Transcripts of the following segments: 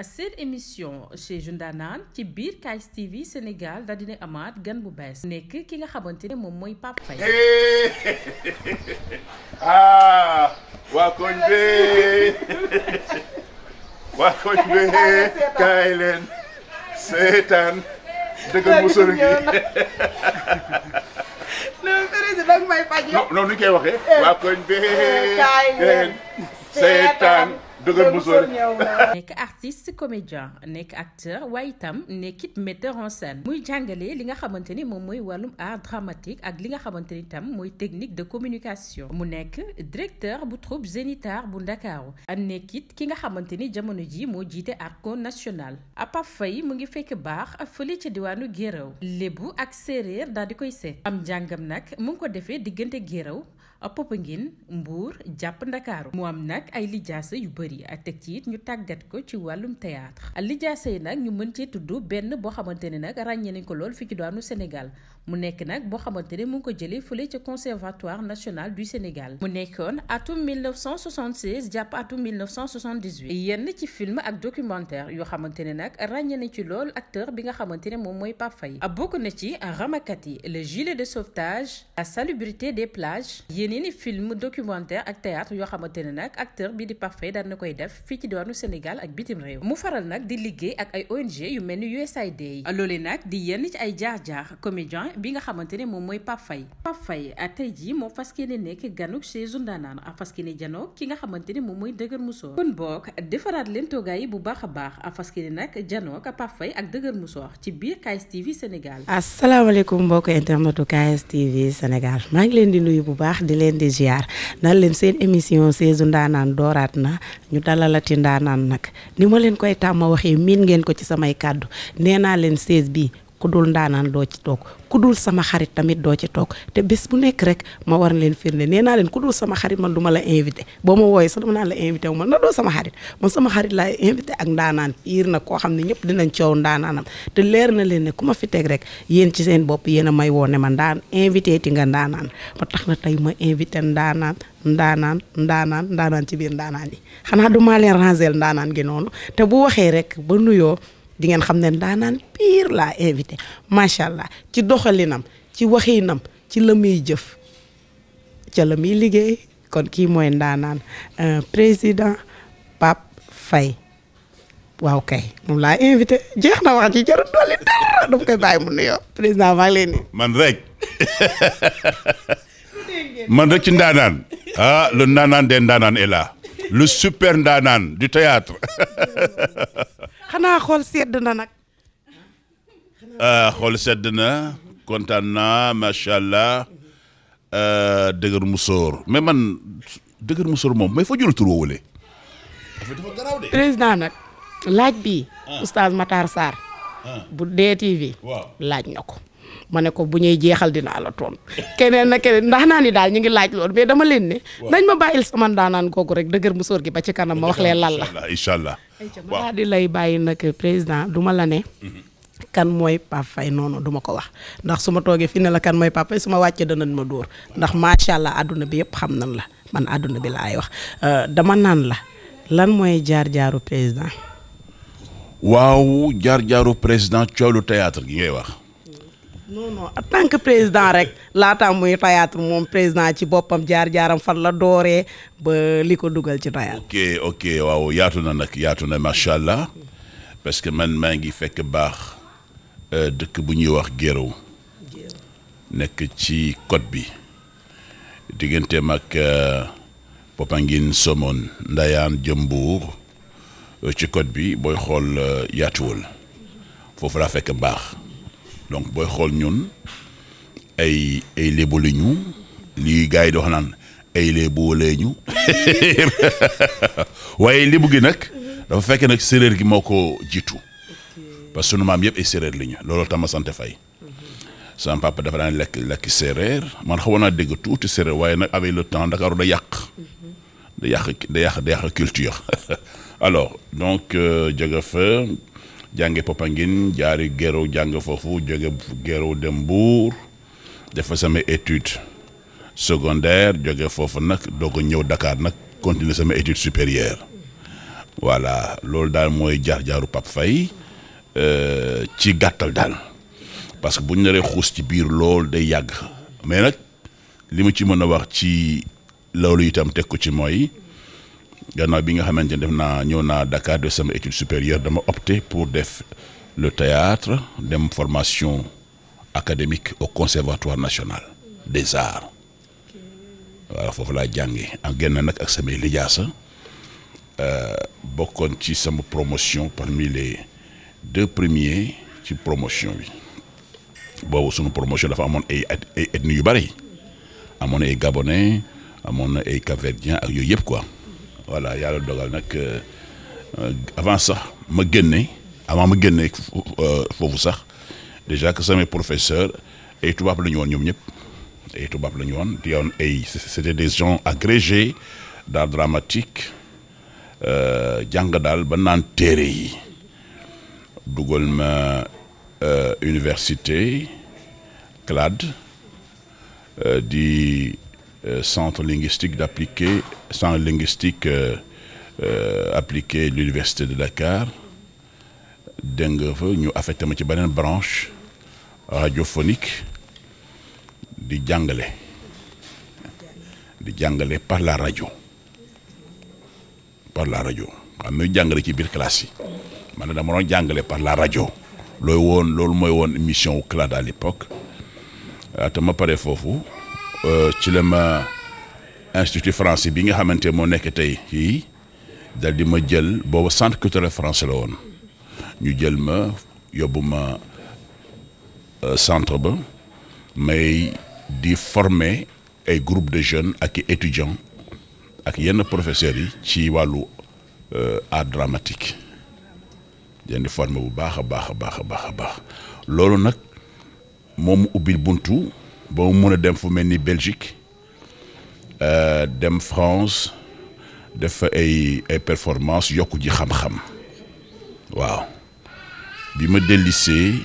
seen émission chez Jeux ci biir KS TV Sénégal daal amaat gan bu bees nekk ki nga xamante ne moom mooy Pape Faye ah waa dëgër musóor nekk artiste comédien nekk acteur waaye itam nekkit metteur en scène muy jàngale li nga xamante ni moom mooy wàllum art dramatique ak li nga xamante ni tam mooy technique de communication mu nekk directeur bu troupe Zénithar bu Ndakaaru nekkit ki nga xamante ni jamono ji moo jiite Arco National Pap Faye mu ngi fekk baax fële ca diwaanu Guéréo lébu ak séeréer daal di koy seet am njàngam nag mu ngi ko defee diggante Guéréo Popenguine mbuur jàpp Ndakaaru mu am nag ay lijaasa yu bëri teg ci it ñu tàggat ko ci wàllum théâtre lijaasa yi nag ñu mën cee tudd benn boo xamante ne nag ràññee nañ ko lool fii ci daanu Sénégal mu nekk nag boo xamante ne mu ngi ko jëlee fële ca Conservatoire national du Sénégal mu nekkoon atum 1976 jàpp atum 1978 yenn ci film ak documentaire yoo xamante ne nag ràññee nañ ci lool acteur bi nga xamante ne moom mooy Pape Faye bokk na ci Ramakati le gilet de sauvetage la salubrité des plages yeneen i film documentaire ak théâtre yoo xamante ne nag acteur bi di parfait daan na koy def fii ci diwaanu Sénégal ak bitim réew mu faral nag di liggéey ak ay ONG yu mel ni USAID yi loolee nag di yenn ci ay jaar-jaar comédien bi nga xamante ne moom mooy Pape Faye Pape Faye ah, tey jii moo fas yéene nekk ganuk chez Ndanane ah, fas yéene janoo ki nga xamante ne moom mooy dëgër musoor kon boog defaraat leen toogaay yi bu baax a baax ah, fas yéene nag janoo ak Pape Faye ak dëgër musoor ci biir KSTV Sénégal asalaamaaleykum mbokk internetu KSTV Sénégal maa ngi leen di nuyu bu baax di leen di ziar leen seen émission saison ndaanaan dooraat na ñu dalalati ndaanaan nag ni ma leen koy tàmm waxee miin ngeen ko ci samay kàddu nee naa leen saison bi ku dul ndaanaan doo ci toog ku dul sama xarit tamit doo ci toog te bés bu nekk rek ma war leen firnde nee naa leen ku dul sama xarit ma duma la invité boo ma wooyee sa dama naan la invité wu ma na doo sama xarit man sama xarit ak ndaanaan piir na koo xam ne ñëpp dinañ coow ndaanaanam te leer na leen ne ku ma fi teg rek yéen ci seen bopp yéen a may woo ne ma ndaan invité ti nga ndaanaan ba tax na tey ma invité ndaanaan ndaanaan ndaanaan ndaanaan ci biir ndaanaan yi xanaa du maa leen rangel ndaanaan gi noonu te bu waxee rek ba nuyoo di ngeen xam ne ndaanaan pire laa invité macha allah ci doxalinam ci waxinam ci la muy jëf ca la liggéey kon kii mooy ndaanaan euh, président Pape fay waaw kay moom laa invité jeex na wax ci jarul dolli dara dama koy bàyyi mu nuyoo président maa ngi lay man rek man rek ci ndaanaan ah le ndaanaan des ndaanaan est là super ndaanaan du théâtre xanaa xool sedd na nag. Ah, xool sedd na kontaan naa macha allah ah, dëgër musóor mais man dëgër musóor moom may fa jël tur woowule. président nag laaj bi. Ah. oustaz Matar Sarr. bu DTV. waaw laaj na ko. ma ne ko bu ñuy jeexal dinaa la toon keneen na keneen ndax naa ni daal ñu ngi laaj lool mais dama leen ne. nañ ma bàyyil sama ndaanaan kooku rek dëgër mu sóor gi ba ci kanam ma wax leen lan la. incha allah ma daal di lay bàyyi nag président du la ne. kan mooy Pape Faye noonu duma ko wax ndax su ma toogee fi ne la kan mooy Pape Faye wàccee danañ ma dóor ndax macha allah àdduna bi yëpp xam nan la man àdduna bi laay wax euh, dama naan la lan mooy jaar-jaaru président. waaw jaar-jaaru président coolu théâtre gi ngay wax. non tant que président rek laataa muy théâtre moom président ci boppam jaar-jaaram fan la dooree ba li ko dugal ci théâtre. ok ok waaw yaatu na nag yaatu na macha allah parce que man maa ngi fekk baax euh, dëkk bu ñuy wax Guéréo nekk ci côte bi digganteem euh, ak Popenguine ndayaan jëm Jëmbuur ci côte bi booy xool euh, yaatuwul foofu laa fekk baax. donc booy xool ñun ay ay lébu la ñu lii yi di wax naan ay lébu la ñu waaye lébu gi nag dafa fekk nag séréer gi moo ko jiitu parce que sunu maam yëpp ay séréer la ñu looloo tax ma sant fay mhm. sama papa dafa daan lekk lekk séréer man xawoon naa dégg tuuti séréer waaye nag avec le temps Ndakaaru da yàq mhm. da yàq da yàq da yàq culture alors donc jóge euh, jànge Popenguine jaari Géro jàng foofu jóge Géro dem Mbuur dafa sama étude secondaire joge foofu nag doog ko ñëw dakaar nag continuer sama étude supérieure voilà loolu daal mooy jaar-jaaru Pape Faye euh, ci gàttal daal parce que bu ñu naree xuus ci biir loolu day yàgg mais nag li ma ci mën a wax ci loolu itam teg ko ci mooy gannaaw bi nga xamante ne def naa ñëw naa Dakar de sama étude supérieure dama opté pour def le théâtre dem formation académique au conservatoire national des arts waaw foofu laa jàngee en génn nag ak samay lijaasa euh, bokkoon ci sama promotion parmi les deux premiers ci promotion bi boobu sunu promotion dafa amoon ay ay ethnie yu bari amoon na ay amoon na ay capverdien ak yooyu yëpp quoi. voilà yàlla dogal nag euh, avant sax ma génne avant ma génne euh, foofu sax déjà que samay professeur ay tubaab la ñu woon ñoom ñëpp ay tubaab la ñu woon di woon ay c'était des gens agrégés d'art dramatique euh, jàng daal ba naan téere yi dugal ma université CLAD di Euh, centre linguistique d'appliqué centre linguistique euh, euh, appliqué l'université de Dakar dégg nga ñu affecté ma ci beneen branche radiophonique di jàngale di jàngale par la rajo par la rajo xam nga jàngale ci biir classe yi man na dama doon jàngale par la rajo looy loolu mooy woon émission wu classe à l'époque ah, te ma pare foofu Euh, ci la ma institut français bi nga xamante moo nekk tey fii dal di ma jël booba centre culturel français la woon ñu jël ma yóbbu ma euh, centre ba may di former ay groupe de jeunes ak i étudiants ak yenn professeurs yi ci wàllu euh, art dramatique den di bu baax a baax a baax a baax a baax loolu nag moom ubbil buntu ba mu a dem fu mel ni Belgique euh, dem France def fa ay ay yokku ji xam waaw bi ma dellisee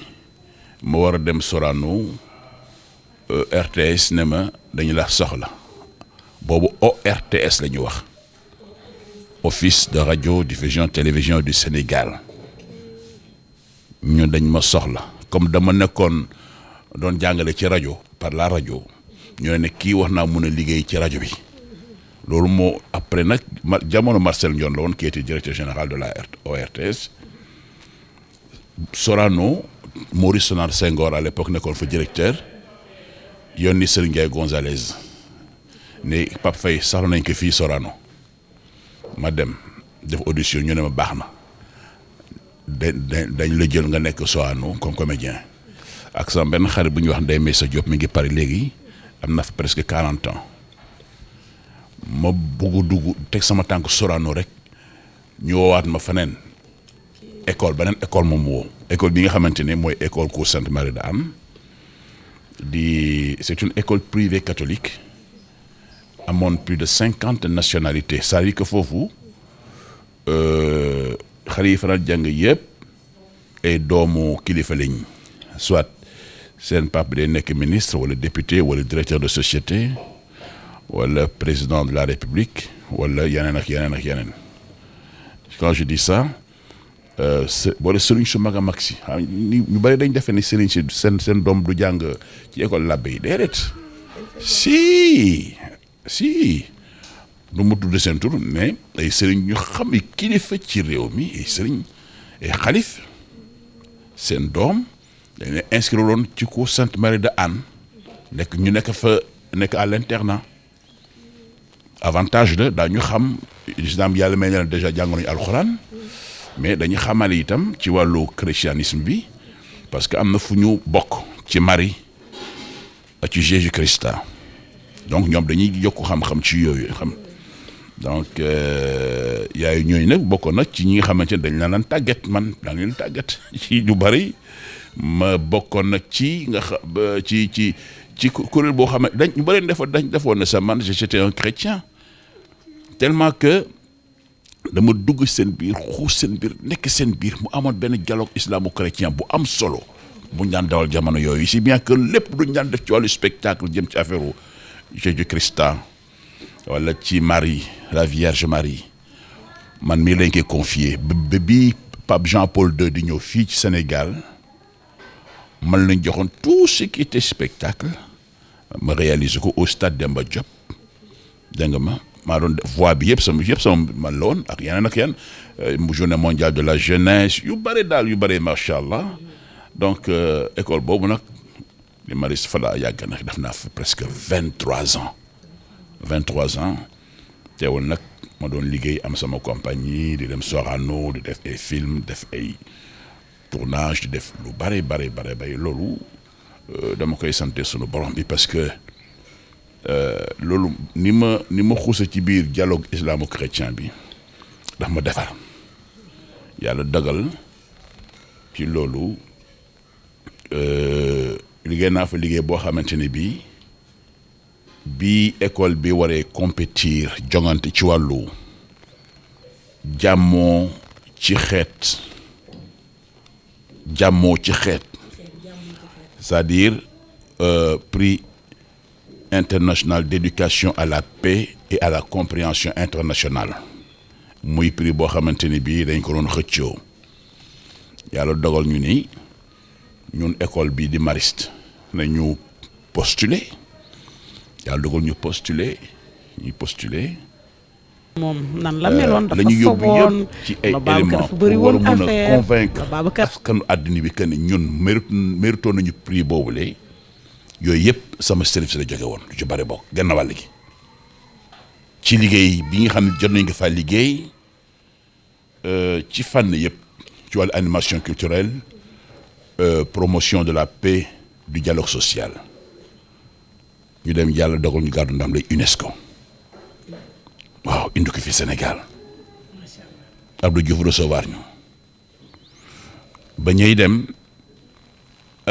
ma war a dem Sorano euh, RTS ne la soxla boobu ORTS la ñu wax office de radio diffusion télévision du Sénégal ñu dañ ma soxla comme dama nekkoon doon jàngale ci rajo par la rajo ñoo ne kii wax naa mun a liggéey ci rajo bi loolu moo après nag jamono Marcel Ndione la woon qui était directeur général de la ORTS Sorano Maurice Sonar Senghor à l'époque nekkoon fa directeur yoon Serigne Ndiaye Gonzalez ne Pape Faye sax nañ ko fii Sorano ma dem def audition ñu ne ma baax na dañ dañ la jël nga nekk Sorano comme comédien ak sama benn xarit bu ñu wax Ndeye Meysa Diop mi ngi Paris léegi am na fa presque quarante ans ma bugg dugg teg sama tànk Sorano rek ñu woowaat ma feneen école beneen école moom woo école bi nga xamante ne mooy école cour Sainte Marie de Hann di c'est une école privée catholique amoon plus de cinquante nationalités cest foofu euh, xale yi faral jàng yëpp ay doomu kilifa lañ seen pap bi nekk ministre wala député wala directeur de société wala président de la république wala yeneen ak yeneen ak yeneen quand di dis ça wala euh, sëriñ su mag a mag si ñu bëri dañ defee ni sëriñ seen doom du jàng ci école labbe yi déedéet si si du mu tudd seen tur mais ay sëriñ ñu xam i kilifa ci réew mi ay sëriñ ay xalif seen doom dañ leen inscrire ci ko Sainte Marie de Anne nekk ñu nekk fa nekk à l'internat avantage la daañu xam islam yàlla may na déjà jàng nañu alxuraan mais dañu xamale itam ci wàllu christianisme bi parce que am na fu ñu bokk ci Marie a ci Jésus Christa donc ñoom dañuy yokk xam-xam ci yooyu xam donc euh, yaayu ñooyu nag bokkoon na ci ñi nga xamante ne dañ la naan tàggat man daan leen tàggat ci lu bari. ma bokkoon nag ci nga xam ci ci ci kuréel boo xam ne dañ ñu bëri defoon dañ defoon na sa man j'étais un chrétien tellement que dama dugg seen biir xuus seen biir nekk seen biir mu amoon benn dialogue islamo-chrétien bu am solo bu ñaan daan dawal jamono yooyu si bien que lépp du ñu daan def ci wàllu spectacle jëm ci affaire Jésus Christa wala ci Marie la Vierge Marie man mii lañ koy confier ba bii Pape Jean Paul II di ñëw fii ci Sénégal. man lañ joxoon tout ce qui était spectacle ma réaliser ko au stade Demba Diop dégg nga ma maa doon voix bi yëpp sama yëpp sama man la woon ak yeneen ak yeneen euh, journée mondiale de la jeunesse yu bare daal yu bare macha allah donc euh, école boobu nag li Maris Fada yàgg nag def naa fa presque vingt trois ans vingt trois ans teewul nag ma doon liggéey am sama compagnie di dem Sorano di def ay film def ay. tournage di def lu bare bare bare bay loolu euh, dama koy sante sunu borom bi parce que euh, loolu ni ma ni ma xuusa ci biir dialogue islamo-chrétien bi daf ma defar yàlla dagal ci loolu euh, liggéey naa fa liggéey boo xamante ne bii bi école bi waree compétir joŋante ci wàllu jàmmoo ci xeet jàmmoo ci xeet c'est-à-dire euh, prix international d'éducation à la paix et à la compréhension internationale muy prix boo xamante ni bii dañ ko doon xëccoo yàlla dogal ñu ni ñun école bii di mariste nañu postuler yàlla dogal ñu postuler ñu postuler moom nan la euh, meloon dafa ci ay éléments dafa bëri woon affaire àddina bi que ne ñun mérite méritoon nañu prix le yooyu yëpp sama service la jóge woon ci bari bokk genn wàll ci liggéey bi nga xam ne jot nañ ko faa liggéey euh, ci fànn yëpp ci wàllu animation culturelle euh, promotion de la paix du dialogue social ñu dem yàlla dogal ñu gàddu ndam lay UNESCO waaw indi ko fi Sénégal Abdou Diouf recevoir ñu ba ñuy dem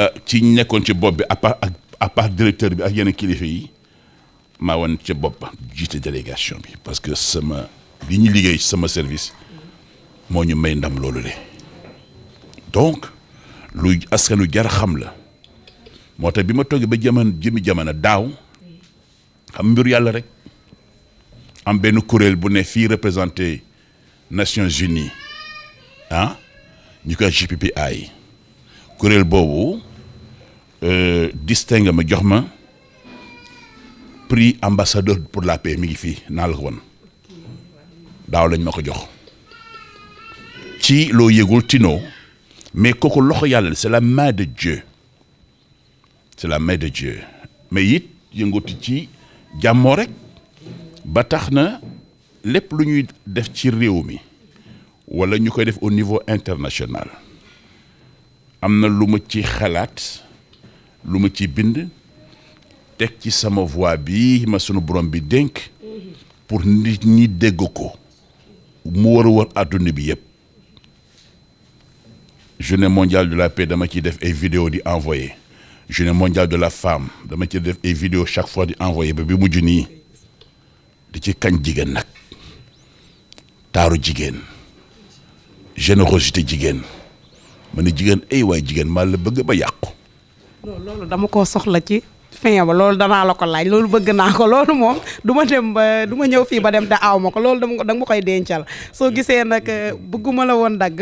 euh, ci nekkoon ci bopp bi à ak à part directeur bi ak yenn kilifa yi maa woon ci bopp jiite délégation bi parce que sama li ñu liggéey sama service moo ñu may ndam loolu le donc lu askanu jar xam la moo tax bi ma toogee ba jamono jëmi jamono daaw xam mbiru yàlla rek. am benn kuréel bu ne fii représenté Nations Unies ah ñu koy GPPI kuréel boobu euh, distingue ma jox ma prix ambassadeur pour la paix mi ngi fii naa la ko woon daaw lañ ma ko jox ci loo yëgul tino mais kooku loxo yàlla c'est la main de Dieu c'est la main de Dieu mais it yëngatu ci jàmmoo rek ba tax na lépp lu ñuy def ci réew mi wala ñu koy def au niveau international am na lu ma ci xalaat lu ma ci bind teg ci sama voix bi ma sunu borom bi dénk pour nit ñi dégg ko mu war a war àdduna bi yëpp journée mondiale de la paix dama ciy def ay vidéo di envoyé journée mondiale de la femme dama ciy def ay vidéo chaque fois di envoyé ba bi mujj nii di ci kañ jigéen nag taaru jigéen générosité jigéen ma jigéen ay waay jigéen maa la bëgg ba yàqu. loolu dama koo soxla ci. fee ba loolu danaa la ko laaj loolu bëgg naa ko loolu moom du ma dem ba du ma ñëw fii ba dem da awma ko loolu dama da nga ma koy dencal soo gisee nag bëgguma la woon dagg.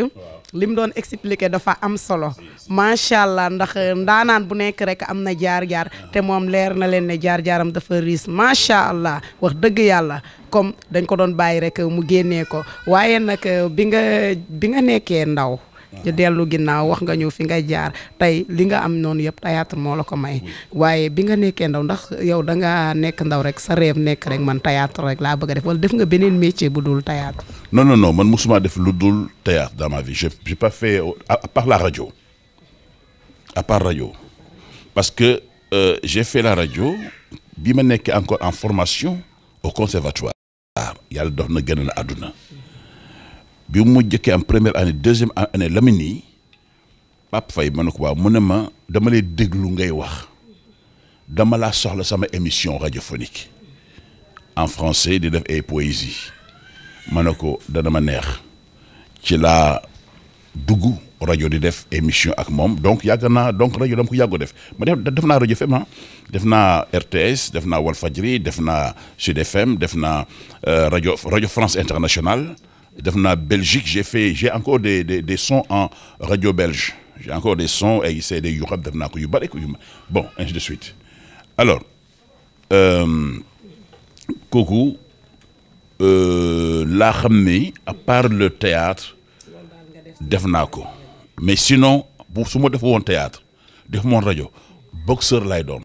li mu doon expliqué dafa am solo macha allah ndax ndaanaan bu nekk rek am na jaar-jaar te moom leer na leen ne jaar-jaaram dafa riis macha allah wax dëgg yàlla comme dañ ko doon bàyyi rek mu génnee ko waaye nag bi nga bi nga nekkee ndaw. ñu dellu ginnaaw wax nga ñëw fii ngay jaar tey li nga am noonu yëpp théâtre moo la ko may waaye bi nga nekkee ndaw ndax yow da nga nekk ndaw rek sa rêve nekk rek man théâtre rek laa bëgg a def wala def nga beneen métier bu dul théâtre non non non man musuma def lu dul théâtre dans ma vie j'ai j'ai pas fait à part la radio à part radio parce que euh, j'ai fait la radio bi ma nekkee encore en formation au conservatoire yàlla dox na gën a àdduna bi mu jëkkee am première année deuxième année Lamine yi Pape Faye ma ne ko waaw mu ne ma dama lay déglu ngay wax dama laa soxla sama émission radiophonique en français di def ay poésie ma ne ko dana ma neex ci la dugg rajo di def émission ak moom donc yàgg naa donc rajo dama ko yàggo def ma def def naa rajo FM ah def naa RTS def naa Walfadjri def naa Sud FM def naa euh, rajo rajo France international def naa Belgique j'ai fait j'ai encore des des des sons en radio belge j'ai encore des sons ay CD yu xam def naa ko yu bari ko yu bon ainsi de suite alors euh, kooku euh, laa xam ni à part le théâtre def naa ko mais sinon bu su ma def woon théâtre def moon rajo boxeur lay doon